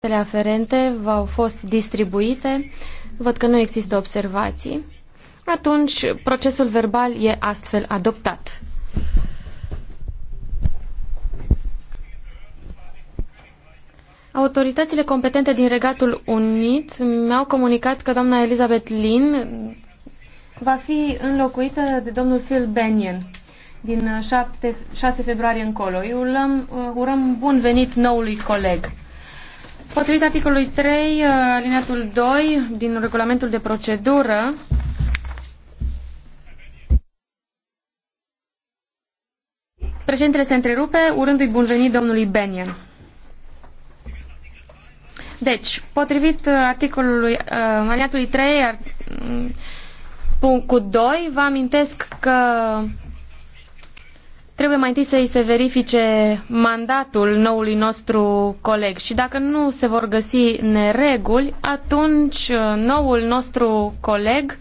Cele aferente v-au fost distribuite. Văd că nu există observații. Atunci, procesul verbal e astfel adoptat. Autoritățile competente din Regatul Unit mi-au comunicat că doamna Elizabeth Lin va fi înlocuită de domnul Phil Bennion din 7, 6 februarie încolo. Eu urăm, uh, urăm bun venit noului coleg. Potrivit articolului 3, uh, alineatul 2 din regulamentul de procedură, președintele se întrerupe urându-i bun venit domnului Benian. Deci, potrivit uh, articolului uh, alineatului 3 ar, mm, cu 2, vă amintesc că Trebuie mai întâi să îi se verifice mandatul noului nostru coleg și dacă nu se vor găsi nereguli, atunci uh, noul nostru coleg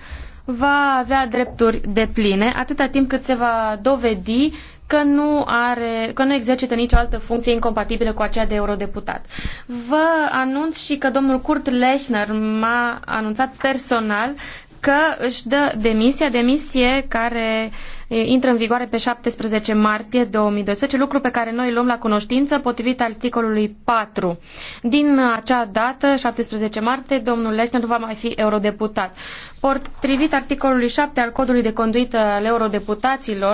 va avea drepturi de pline, atâta timp cât se va dovedi că nu, are, că nu exercită nicio altă funcție incompatibilă cu aceea de eurodeputat. Vă anunț și că domnul Kurt Lechner m-a anunțat personal că își dă demisia, demisie care intră în vigoare pe 17 martie 2012, lucru pe care noi îl luăm la cunoștință potrivit articolului 4. Din acea dată, 17 martie, domnul Lechner nu va mai fi eurodeputat. Potrivit articolului 7 al codului de conduită al eurodeputaților,